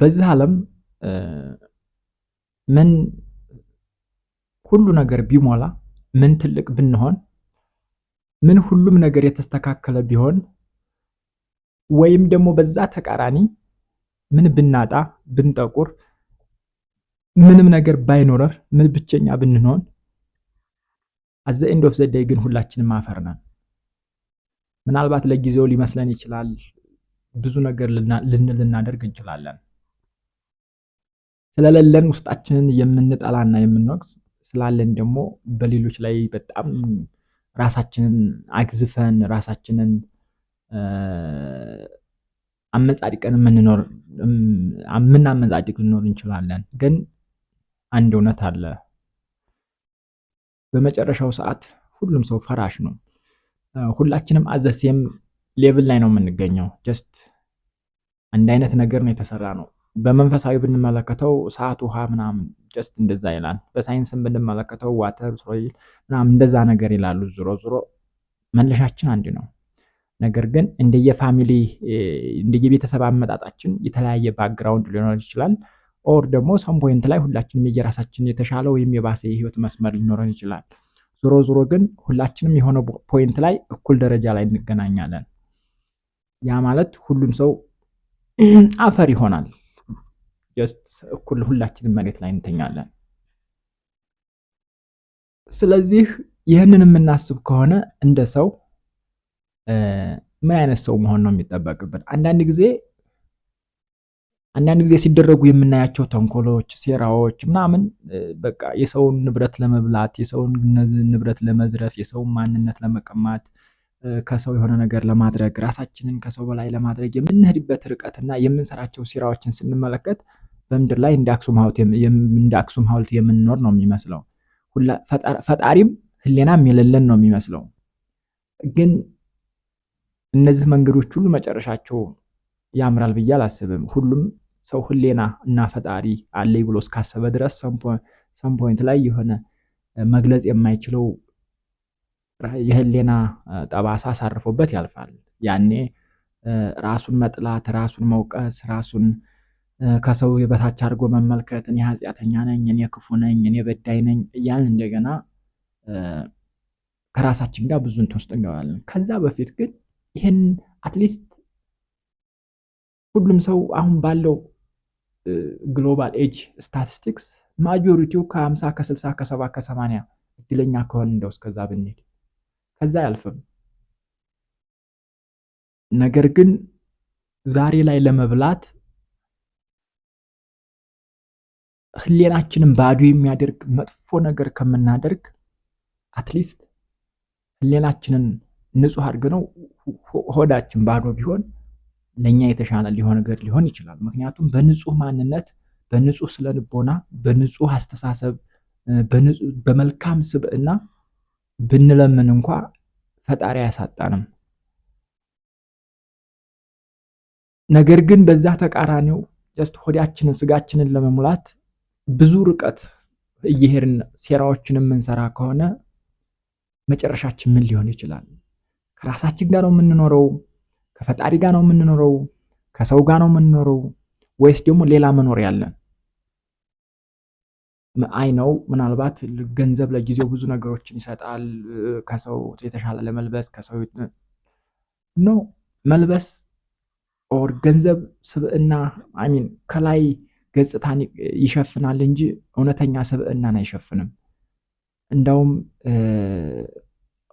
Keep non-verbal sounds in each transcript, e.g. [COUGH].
በዚህ ዓለም ምን ሁሉ ነገር ቢሞላ ምን ትልቅ ብንሆን ምን ሁሉም ነገር የተስተካከለ ቢሆን ወይም ደግሞ በዛ ተቃራኒ ምን ብናጣ ብንጠቁር ምንም ነገር ባይኖረር ምን ብቸኛ ብንሆን አዘ ኤንድ ኦፍ ዘ ግን ሁላችንም አፈር ነን። ምናልባት ለጊዜው ሊመስለን ይችላል። ብዙ ነገር ልንል ልናደርግ እንችላለን። ስለሌለን ውስጣችንን የምንጠላና የምንወቅስ ስላለን ደግሞ በሌሎች ላይ በጣም ራሳችንን አግዝፈን ራሳችንን አመጻድቀን የምንኖር የምናመጻድቅ ልኖር እንችላለን። ግን አንድ እውነት አለ። በመጨረሻው ሰዓት ሁሉም ሰው ፈራሽ ነው። ሁላችንም አዘሴም ሌብል ላይ ነው የምንገኘው። ጀስት አንድ አይነት ነገር ነው የተሰራ ነው። በመንፈሳዊ ብንመለከተው ሰዓት ውሃ ምናምን ጀስት እንደዛ ይላል። በሳይንስም ብንመለከተው ዋተር ሶይል ምናምን እንደዛ ነገር ይላሉ። ዞሮ ዞሮ መነሻችን አንድ ነው። ነገር ግን እንደየፋሚሊ እንደየቤተሰብ አመጣጣችን የተለያየ ባክግራውንድ ሊኖር ይችላል። ኦር ደግሞ ሰም ፖይንት ላይ ሁላችንም የየራሳችን የተሻለ ወይም የባሰ የህይወት መስመር ሊኖረን ይችላል። ዞሮ ዞሮ ግን ሁላችንም የሆነ ፖይንት ላይ እኩል ደረጃ ላይ እንገናኛለን። ያ ማለት ሁሉም ሰው [CLEARS THROAT] አፈር ይሆናል። እኩል ሁላችንም መሬት ላይ እንተኛለን። ስለዚህ ይህንን የምናስብ ከሆነ እንደ ሰው ምን አይነት ሰው መሆን ነው የሚጠበቅብን? አንዳንድ ጊዜ አንዳንድ ጊዜ ሲደረጉ የምናያቸው ተንኮሎች፣ ሴራዎች ምናምን በቃ የሰውን ንብረት ለመብላት፣ የሰውን ንብረት ለመዝረፍ፣ የሰውን ማንነት ለመቀማት፣ ከሰው የሆነ ነገር ለማድረግ፣ ራሳችንን ከሰው በላይ ለማድረግ የምንሄድበት ርቀትና የምንሰራቸው ሴራዎችን ስንመለከት በምድር ላይ እንደ አክሱም ሐውልት የምንኖር ነው የሚመስለው። ፈጣሪም ህሌናም የሌለን ነው የሚመስለው። ግን እነዚህ መንገዶች ሁሉ መጨረሻቸው ያምራል ብዬ አላስብም። ሁሉም ሰው ህሌና እና ፈጣሪ አለኝ ብሎ እስካሰበ ድረስ ሰም ፖይንት ላይ የሆነ መግለጽ የማይችለው የህሌና ጠባሳ አሳርፎበት ያልፋል። ያኔ ራሱን መጥላት፣ ራሱን መውቀስ፣ ራሱን ከሰው በታች አድርጎ መመልከት እኔ ኃጢአተኛ ነኝ፣ እኔ ክፉ ነኝ፣ እኔ በዳይ ነኝ እያልን እንደገና ከራሳችን ጋር ብዙ እንትን ውስጥ እንገባለን። ከዛ በፊት ግን ይህን አትሊስት ሁሉም ሰው አሁን ባለው ግሎባል ኤጅ ስታቲስቲክስ ማጆሪቲው ከ50 5 ከ 6 ከ 7 ከ80 እድለኛ ከሆን እንደው እስከዛ ብንሄድ ከዛ አያልፍም። ነገር ግን ዛሬ ላይ ለመብላት ህሌናችንን ባዶ የሚያደርግ መጥፎ ነገር ከምናደርግ አትሊስት ህሌናችንን ንጹህ አድርገነው ሆዳችን ባዶ ቢሆን ለእኛ የተሻለ ሊሆን ነገር ሊሆን ይችላል። ምክንያቱም በንጹህ ማንነት፣ በንጹህ ስለልቦና፣ በንጹህ አስተሳሰብ፣ በመልካም ስብዕና ብንለምን እንኳ ፈጣሪ አያሳጣንም። ነገር ግን በዛ ተቃራኒው ጀስት ሆዳችንን ስጋችንን ለመሙላት ብዙ ርቀት እየሄድን ሴራዎችን የምንሰራ ከሆነ መጨረሻችን ምን ሊሆን ይችላል? ከራሳችን ጋር ነው የምንኖረው? ከፈጣሪ ጋር ነው የምንኖረው? ከሰው ጋር ነው የምንኖረው? ወይስ ደግሞ ሌላ መኖር አለን? አይ ነው ምናልባት ገንዘብ ለጊዜው ብዙ ነገሮችን ይሰጣል። ከሰው የተሻለ ለመልበስ ከሰው ኖ መልበስ ኦር ገንዘብ ስብዕና ሚን ከላይ ገጽታን ይሸፍናል እንጂ እውነተኛ ስብዕናን አይሸፍንም። እንደውም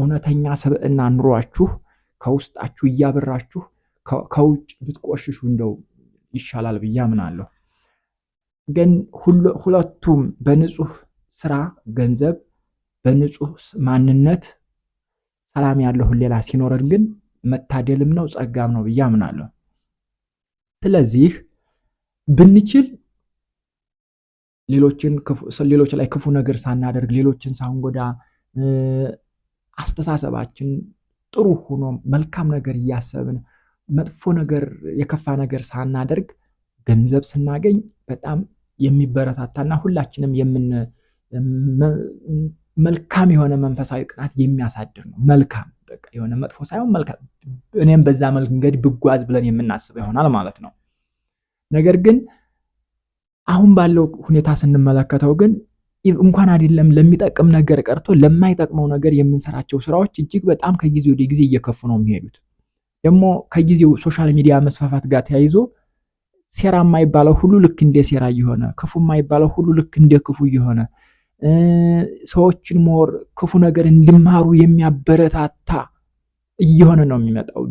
እውነተኛ ስብዕና ኑሯችሁ ከውስጣችሁ እያበራችሁ ከውጭ ብትቆሽሹ እንደው ይሻላል ብዬ አምናለሁ። ግን ሁለቱም በንጹህ ስራ ገንዘብ፣ በንጹህ ማንነት ሰላም ያለው ሌላ ሲኖረን ግን መታደልም ነው ጸጋም ነው ብዬ አምናለሁ። ስለዚህ ብንችል ሌሎች ላይ ክፉ ነገር ሳናደርግ ሌሎችን ሳንጎዳ አስተሳሰባችን ጥሩ ሆኖ መልካም ነገር እያሰብን መጥፎ ነገር የከፋ ነገር ሳናደርግ ገንዘብ ስናገኝ በጣም የሚበረታታና ሁላችንም የምን መልካም የሆነ መንፈሳዊ ቅናት የሚያሳድር ነው። መልካም በቃ የሆነ መጥፎ ሳይሆን መልካም፣ እኔም በዛ መንገድ ብጓዝ ብለን የምናስበው ይሆናል ማለት ነው ነገር ግን አሁን ባለው ሁኔታ ስንመለከተው ግን እንኳን አይደለም ለሚጠቅም ነገር ቀርቶ ለማይጠቅመው ነገር የምንሰራቸው ስራዎች እጅግ በጣም ከጊዜ ወደ ጊዜ እየከፉ ነው የሚሄዱት። ደግሞ ከጊዜው ሶሻል ሚዲያ መስፋፋት ጋር ተያይዞ ሴራ የማይባለው ሁሉ ልክ እንደ ሴራ እየሆነ ክፉ የማይባለው ሁሉ ልክ እንደ ክፉ እየሆነ ሰዎችን ሞር ክፉ ነገር እንዲማሩ የሚያበረታታ እየሆነ ነው የሚመጣው።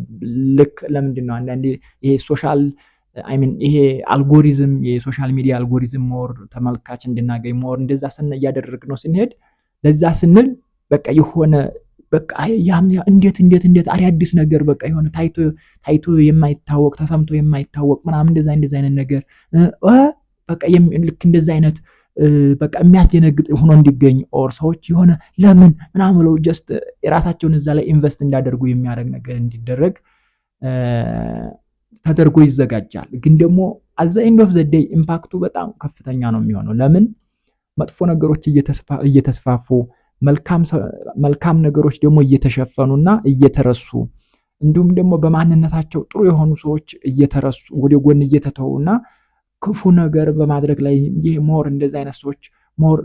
ልክ ለምንድን ነው አንዳንዴ ይሄ ሶሻል አይሚን ይሄ አልጎሪዝም የሶሻል ሚዲያ አልጎሪዝም ሞር ተመልካች እንድናገኝ ሞር እንደዛ ስን እያደረግ ነው ስንሄድ ለዛ ስንል በቃ የሆነ በቃ ያም እንዴት እንዴት እንዴት አዲስ ነገር በቃ የሆነ ታይቶ ታይቶ የማይታወቅ ተሰምቶ የማይታወቅ ምናምን እንደዛ እንደዛ አይነት ነገር በቃ ልክ እንደዛ አይነት በቃ የሚያስደነግጥ ሆኖ እንዲገኝ ኦር ሰዎች የሆነ ለምን ምናምን ብለው ጀስት የራሳቸውን እዛ ላይ ኢንቨስት እንዲያደርጉ የሚያደርግ ነገር እንዲደረግ ተደርጎ ይዘጋጃል። ግን ደግሞ አዛ ኤንድ ኦፍ ዘ ዴይ ኢምፓክቱ በጣም ከፍተኛ ነው የሚሆነው። ለምን መጥፎ ነገሮች እየተስፋፉ መልካም ነገሮች ደግሞ እየተሸፈኑና እየተረሱ እንዲሁም ደግሞ በማንነታቸው ጥሩ የሆኑ ሰዎች እየተረሱ ወደ ጎን እየተተዉና ክፉ ነገር በማድረግ ላይ ይህ ሞር እንደዚህ አይነት ሰዎች ሞር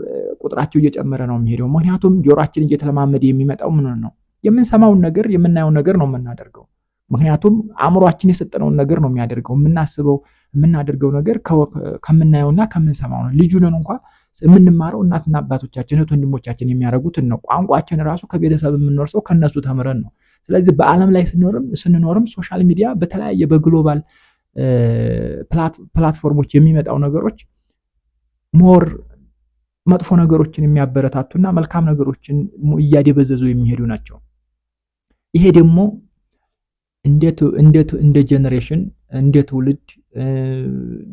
ቁጥራቸው እየጨመረ ነው የሚሄደው። ምክንያቱም ጆሯችን እየተለማመደ የሚመጣው ምን ነው የምንሰማውን ነገር የምናየውን ነገር ነው የምናደርገው። ምክንያቱም አእምሯችን የሰጠነውን ነገር ነው የሚያደርገው። የምናስበው የምናደርገው ነገር ከምናየውና ከምንሰማው ነው። ልጁ ነን እንኳ የምንማረው እናትና አባቶቻችን እህት ወንድሞቻችን የሚያደርጉትን ነው። ቋንቋችን ራሱ ከቤተሰብ የምንወርሰው ከነሱ ተምረን ነው። ስለዚህ በዓለም ላይ ስንኖርም ሶሻል ሚዲያ በተለያየ በግሎባል ፕላትፎርሞች የሚመጣው ነገሮች ሞር መጥፎ ነገሮችን የሚያበረታቱና መልካም ነገሮችን እያደበዘዙ የሚሄዱ ናቸው። ይሄ ደግሞ እንደ ጀነሬሽን እንደ ትውልድ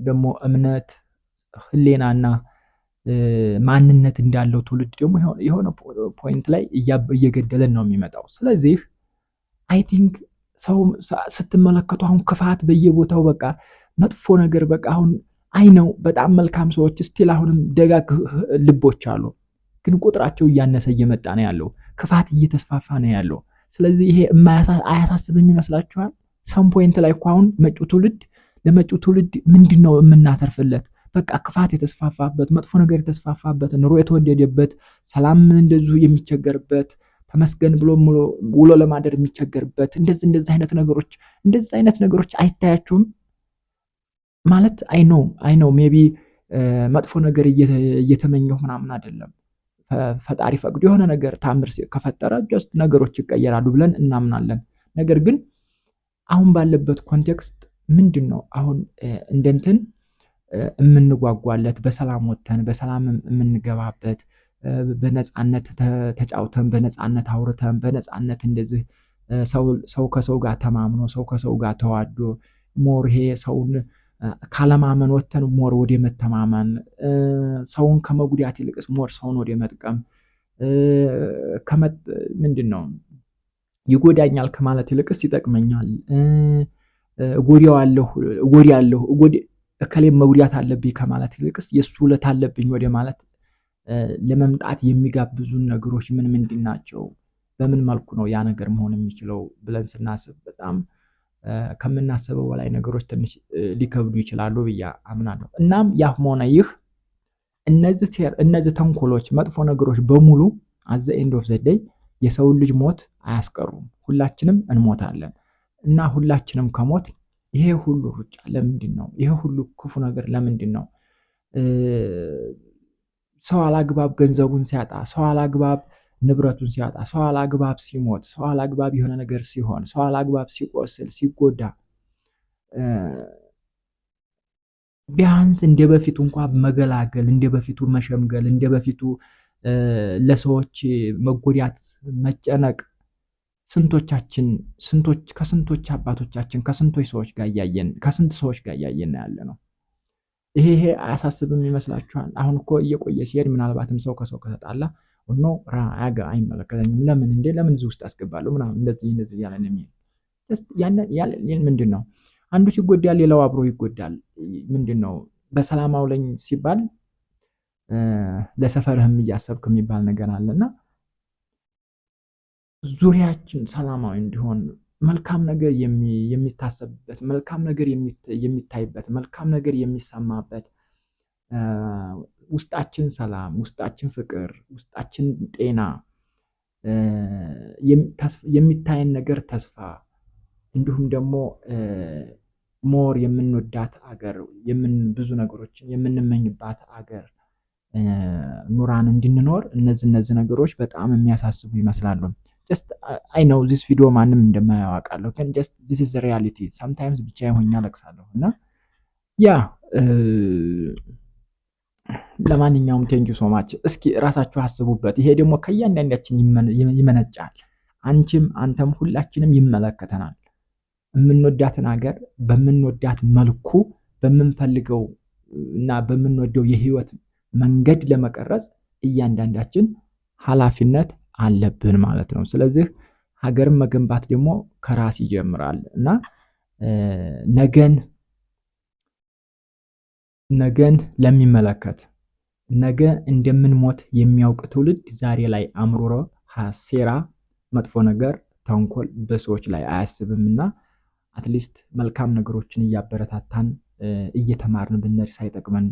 ደግሞ እምነት ህሌናና ማንነት እንዳለው ትውልድ ደግሞ የሆነ ፖይንት ላይ እየገደለን ነው የሚመጣው። ስለዚህ አይ ቲንክ ሰው ስትመለከቱ አሁን ክፋት በየቦታው በቃ መጥፎ ነገር በቃ አሁን አይ ነው በጣም መልካም ሰዎች ስቲል አሁንም ደጋግ ልቦች አሉ፣ ግን ቁጥራቸው እያነሰ እየመጣ ነው ያለው። ክፋት እየተስፋፋ ነው ያለው። ስለዚህ ይሄ አያሳስብም ይመስላችኋል? ሰም ፖይንት ላይ እኮ አሁን መጪው ትውልድ ለመጪው ትውልድ ምንድን ነው የምናተርፍለት? በቃ ክፋት የተስፋፋበት መጥፎ ነገር የተስፋፋበት ኑሮ የተወደደበት ሰላም እንደዚሁ የሚቸገርበት ተመስገን ብሎ ውሎ ለማደር የሚቸገርበት እንደዚህ እንደዚህ አይነት ነገሮች እንደዚህ አይነት ነገሮች አይታያችሁም? ማለት አይ ነው አይ ነው ሜቢ መጥፎ ነገር እየተመኘሁ ምናምን አይደለም ፈጣሪ ፈቅዶ የሆነ ነገር ታምር ከፈጠረ ጀስት ነገሮች ይቀየራሉ ብለን እናምናለን። ነገር ግን አሁን ባለበት ኮንቴክስት ምንድን ነው አሁን እንደ የምንጓጓለት በሰላም ወጥተን በሰላም የምንገባበት በነፃነት ተጫውተን በነፃነት አውርተን በነፃነት እንደዚህ ሰው ከሰው ጋር ተማምኖ ሰው ከሰው ጋር ተዋዶ ሞርሄ ሰውን ካለማመን ወተን ሞር ወደ መተማመን ሰውን ከመጉዳት ይልቅስ ሞር ሰውን ወደ መጥቀም ምንድን ነው ይጎዳኛል ከማለት ይልቅስ ይጠቅመኛል፣ እጎዳዋለሁ እጎዳለሁ እከሌም መጉዳት አለብኝ ከማለት ይልቅስ የእሱ ውለት አለብኝ ወደ ማለት ለመምጣት የሚጋብዙን ነገሮች ምን ምንድን ናቸው? በምን መልኩ ነው ያ ነገር መሆን የሚችለው ብለን ስናስብ በጣም ከምናስበው በላይ ነገሮች ትንሽ ሊከብዱ ይችላሉ ብዬ አምናለሁ። እናም ያም ሆነ ይህ እነዚህ ተንኮሎች፣ መጥፎ ነገሮች በሙሉ አዘ ኤንድ ኦፍ ዘደይ ዴይ የሰውን ልጅ ሞት አያስቀሩም። ሁላችንም እንሞታለን እና ሁላችንም ከሞት ይሄ ሁሉ ሩጫ ለምንድን ነው? ይሄ ሁሉ ክፉ ነገር ለምንድን ነው? ሰው አላግባብ ገንዘቡን ሲያጣ፣ ሰው አላግባብ ንብረቱን ሲያጣ፣ ሰው አላግባብ ሲሞት፣ ሰው አላግባብ የሆነ ነገር ሲሆን፣ ሰው አላግባብ ሲቆስል፣ ሲጎዳ ቢያንስ እንደ በፊቱ እንኳ መገላገል፣ እንደ በፊቱ መሸምገል፣ እንደ በፊቱ ለሰዎች መጎዳት፣ መጨነቅ ስንቶቻችን ስንቶች ከስንቶች አባቶቻችን ከስንቶች ሰዎች ጋር እያየን ከስንት ሰዎች ጋር እያየን ያለ ነው። ይሄ ይሄ አያሳስብም ይመስላችኋል? አሁን እኮ እየቆየ ሲሄድ ምናልባትም ሰው ከሰው ከተጣላ ራ አይመለከተኝም። ለምን እንዴ ለምን እዚህ ውስጥ አስገባለሁ ምናምን እንደዚህ እንደዚህ ያለ ነው የሚሄድ። ምንድን ነው አንዱ ሲጎዳል ሌላው አብሮ ይጎዳል። ምንድን ነው በሰላም አውለኝ ሲባል ለሰፈርህም እያሰብክ የሚባል ነገር አለና ዙሪያችን ሰላማዊ እንዲሆን መልካም ነገር የሚታሰብበት፣ መልካም ነገር የሚታይበት፣ መልካም ነገር የሚሰማበት ውስጣችን ሰላም፣ ውስጣችን ፍቅር፣ ውስጣችን ጤና የሚታየን ነገር ተስፋ እንዲሁም ደግሞ ሞር የምንወዳት አገር ብዙ ነገሮችን የምንመኝባት አገር ኑራን እንድንኖር እነዚህ እነዚህ ነገሮች በጣም የሚያሳስቡ ይመስላሉ። ጀስት አይ ነው ዚስ ቪዲዮ ማንም እንደማያዋቃለሁ፣ አውቃለሁ፣ ግን ጀስት ዚስ ኢዝ ሪያሊቲ። ሳምታይምስ ብቻ የሆኛ አለቅሳለሁ እና ያ ለማንኛውም ቴንኪ ሶማች እስኪ ራሳችሁ አስቡበት። ይሄ ደግሞ ከእያንዳንዳችን ይመነጫል። አንቺም አንተም ሁላችንም ይመለከተናል። የምንወዳትን ሀገር በምንወዳት መልኩ በምንፈልገው እና በምንወደው የህይወት መንገድ ለመቀረጽ እያንዳንዳችን ኃላፊነት አለብን ማለት ነው። ስለዚህ ሀገርን መገንባት ደግሞ ከራስ ይጀምራል እና ነገን ነገን ለሚመለከት ነገ እንደምንሞት የሚያውቅ ትውልድ ዛሬ ላይ አምሮሮ ሴራ፣ መጥፎ ነገር፣ ተንኮል በሰዎች ላይ አያስብም እና አትሊስት መልካም ነገሮችን እያበረታታን እየተማርን ብንሄድ ሳይጠቅመን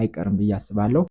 አይቀርም ብዬ አስባለሁ።